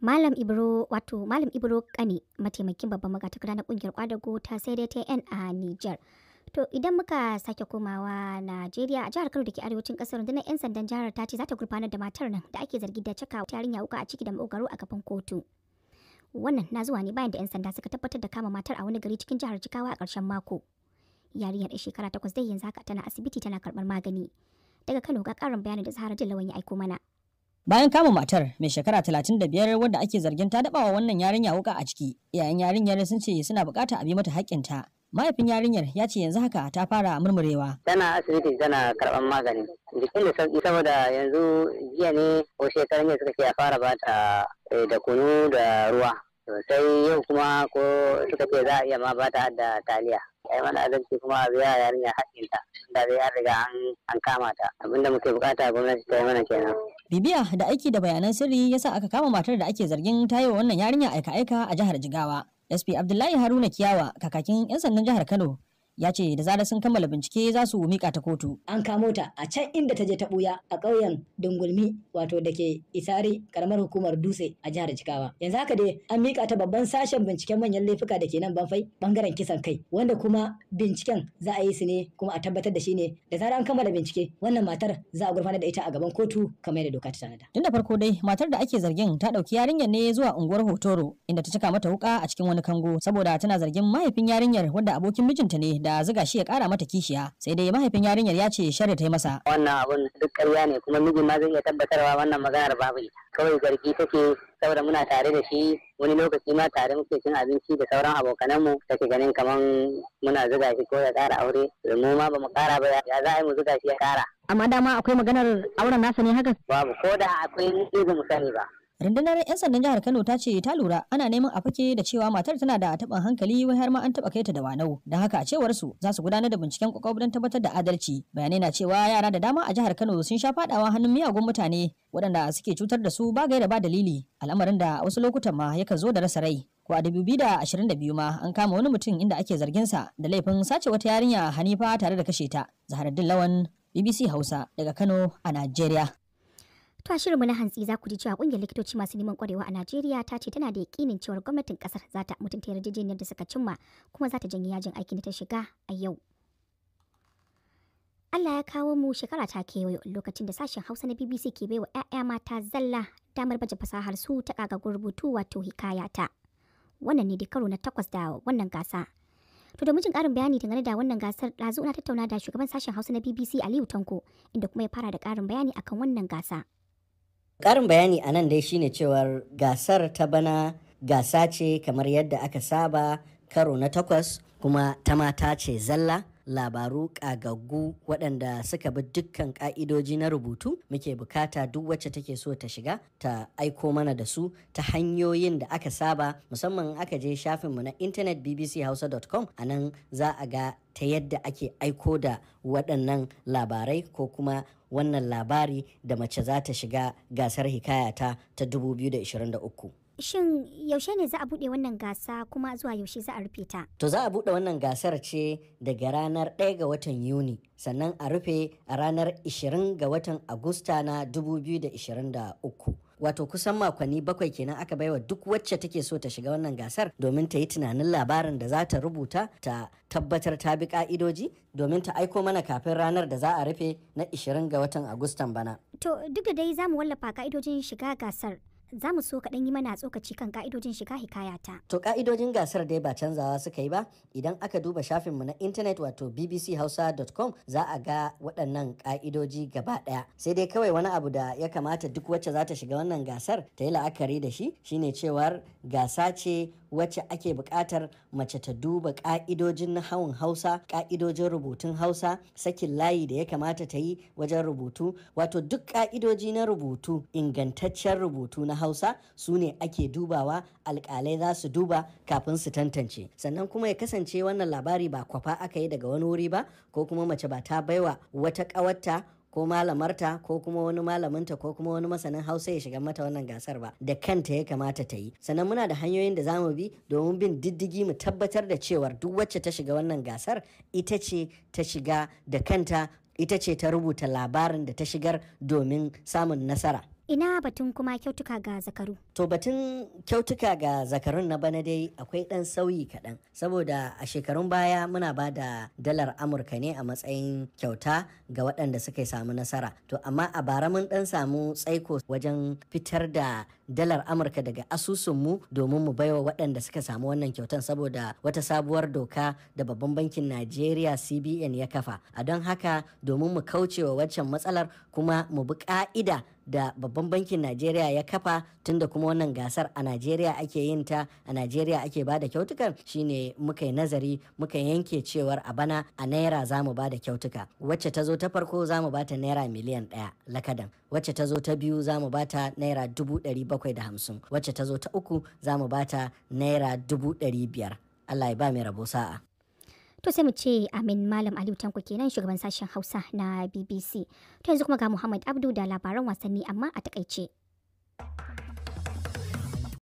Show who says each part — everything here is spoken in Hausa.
Speaker 1: Malam Ibro wato Malam Ibro Kani mataimakin babban magatakara na kungiyar kwadago ta sai dai ta yan a Niger. To idan muka sake komawa Najeriya a jihar Kano da ke arewacin kasar rundunar 'yan sandan jihar ta ce za ta gurfanar da matar nan da ake zargi da ta yarinya wuka a ciki da makogaro a gaban kotu. Wannan na zuwa ne bayan da 'yan sanda suka tabbatar da kama matar a wani gari cikin jihar Jikawa a ƙarshen mako. yari ɗan shekara takwas dai yanzu haka tana asibiti tana karbar magani. Daga Kano ga karin bayani da Zahara Dillawan ya aiko mana.
Speaker 2: Bayan kama matar mai shekara talatin biyar wadda ake zargin ta dabawa wannan yarinya wuka a ciki, yayin yarinyar sun ce suna bukata a bi mata haƙƙinta. Mahaifin yarinyar ya ce yanzu haka ta fara murmurewa.
Speaker 3: Tana asibiti tana karɓar magani. Jikin da sauki saboda yanzu jiya ne ko shekaran yanzu suka ce a fara ba ta eh, da kunu da ruwa. Sai yau kuma ko suka ce za a iya ma ba ta da taliya. ai mana azanci kuma a biya yarinyar haƙƙinta da dai an riga an kama ta abinda muke bukata gwamnati ta yi mana kenan
Speaker 2: Bibiya da aiki da bayanan sirri ya sa aka kama matar da ake zargin ta yi wannan yarinya aika-aika a jihar Jigawa. SP Abdullahi Haruna Kiyawa, kakakin 'yan sandan jihar Kano, ya ce da zarar sun kammala bincike za su mika ta kotu. An kamo ta a can inda ta je ta buya a ƙauyen Dungulmi wato da ke Isari karamar hukumar Dutse a jihar Jigawa. Yanzu haka dai an mika ta babban sashen binciken manyan laifuka da ke nan Banfai bangaren kisan kai wanda kuma binciken za a yi su ne kuma a tabbatar da shi ne da zarar an kammala bincike wannan matar za a gurfanar da ita a gaban kotu kamar yadda doka ta tanada. Tun da farko dai matar da ake zargin ta ɗauki yarinyar ne zuwa unguwar Hotoro inda ta cika mata wuka a cikin wani kango saboda tana zargin mahaifin yarinyar wanda abokin mijinta ne da zuga shi ya kara mata kishiya sai dai mahaifin yarinyar ya ce shari ta yi masa
Speaker 3: wannan abun duk karya ne kuma mijin ma zai iya tabbatarwa wannan maganar babu ne. kawai zargi take saboda muna tare da shi wani lokaci ma tare muke cin abinci da sauran abokananmu take ganin kaman muna zuga shi ko ya kara aure mu ma ba mu kara ba ya za a yi mu zuga shi ya kara.
Speaker 2: amma dama akwai maganar auren nasa ne haka
Speaker 3: babu ko da akwai ni ba mu sani ba
Speaker 2: Rundunar 'yan sandan jihar Kano ta ce ta lura ana neman a fake da cewa matar tana da taɓin hankali wai har ma an taɓa kai ta da wanau. Don haka a cewar su za su gudanar da binciken kwakwaf don tabbatar da adalci. Bayanai na cewa yara da dama a jihar Kano sun sha fadawa hannun miyagun mutane waɗanda suke cutar da su ba gaira ba dalili. Al'amarin da wasu lokutan ma yakan zo da rasa rai. ko a 2022 ma an kama wani mutum inda ake zargin sa da laifin sace wata yarinya Hanifa tare da kashe ta. Zaharuddin Lawan BBC Hausa daga Kano a Najeriya.
Speaker 1: To a shirinmu na hantsi za ku ji cewa kungiyar likitoci masu neman kwarewa a Najeriya ta ce tana da yakinin cewar gwamnatin kasar za ta mutunta yarjejeniyar da suka cimma kuma za ta janye yajin aikin da ta shiga a yau. Allah ya kawo mu shekara ta kewayo lokacin da sashen Hausa na BBC ke baiwa 'ya'ya mata zalla damar baje fasahar su ta kagagun rubutu wato hikaya ta. Wannan ne da karo na takwas da wannan gasa. To da mijin karin bayani dangane da wannan gasar ɗazu na tattauna da shugaban sashen Hausa na BBC Aliyu Tanko inda kuma ya fara da karin bayani akan wannan gasa.
Speaker 3: Ƙarin bayani a nan dai shine cewar gasar ta bana gasa ce kamar yadda aka saba karo na takwas kuma ta mata ce zalla. labaru ƙagaggu waɗanda suka bi dukkan ƙa'idoji na rubutu muke bukata duk wacce take so ta shiga ta aiko mana da su ta hanyoyin da aka saba musamman aka je shafinmu na intanet bbchausa.com a nan za a ga ta yadda ake aiko da waɗannan labarai ko kuma wannan labari da mace za ta shiga gasar hikayata ta 2023.
Speaker 1: Shin yaushe ne za a buɗe wannan gasa kuma zuwa yaushe za a rufe ta? To za
Speaker 3: a buɗe wannan gasar ce daga ranar 1 ga watan Yuni sannan a rufe a ranar 20 ga watan Agusta na 2023. wato kusan makonni bakwai kenan aka baiwa duk wacce take so ta shiga wannan gasar domin ta yi tunanin labarin da za ta rubuta ta tabbatar ta bi ka'idoji domin ta aiko mana kafin ranar da za a rufe na 20 ga watan agustan bana
Speaker 1: to duk da dai za mu wallafa ka'idojin shiga gasar za mu so kaɗan yi mana tsokaci kan ka'idojin shiga hikayata.
Speaker 3: To ka'idojin gasar dai ba canzawa suka yi ba idan aka duba shafinmu na intanet wato bbchausa.com za a ga waɗannan ka'idoji gaba ɗaya. Sai dai kawai wani abu da ya kamata duk wacce za ta shiga wannan gasar ta yi la'akari da shi shine cewar gasa ce wacce ake buƙatar mace ta duba ƙa'idojin hawan hausa ƙa'idojin rubutun hausa sakin layi da ya kamata ta yi wajen rubutu wato duk ƙa'idoji na rubutu ingantaccen rubutu na hausa su ne ake dubawa alƙalai za su duba kafin su tantance sannan kuma ya kasance wannan labari ba kwafa aka yi daga wani wuri ba ko kuma mace ba ta baiwa wata ƙawarta ko malamarta ko kuma wani malaminta ko kuma wani masanin hausa ya shiga mata wannan gasar ba da kanta ya kamata ta yi sannan muna da hanyoyin da zamu bi domin bin diddigi mu tabbatar da cewar duk wacce ta shiga wannan gasar ita ce ta shiga da kanta ita ce ta rubuta labarin da ta shigar domin samun nasara
Speaker 1: ina batun kuma kyautuka ga zakaru
Speaker 3: to batun kyautuka ga zakarun na bana dai akwai dan sauyi kaɗan saboda a shekarun baya muna ba da dalar amurka ne a matsayin kyauta ga waɗanda suka samu nasara to amma a bara mun dan samu tsaiko wajen fitar da dalar amurka daga asusunmu domin mu baiwa waɗanda suka samu wannan kyautan saboda wata sabuwar doka da babban bankin najeriya cbn ya kafa a don haka domin mu kauce wa waccan matsalar kuma mu bi ka'ida da babban bankin najeriya ya kafa tunda kuma wannan gasar a najeriya ake yin ta a najeriya ake ba da kyautukan shine muka yi nazari muka yanke cewar a bana a naira za mu ba da kyautuka wacce ta zo ta farko za mu ba ta naira miliyan ɗaya lakadan wacce ta zo ta biyu za mu ba ta naira dubu ɗari bakwai da hamsin wacce ta zo ta uku za mu ba ta naira dubu ɗari biyar allah ya ba mai rabo sa'a
Speaker 1: to sai mu ce amin malam aliyu tanko kenan shugaban sashen hausa na bbc to yanzu kuma ga muhammad abdu da labaran wasanni amma a takaice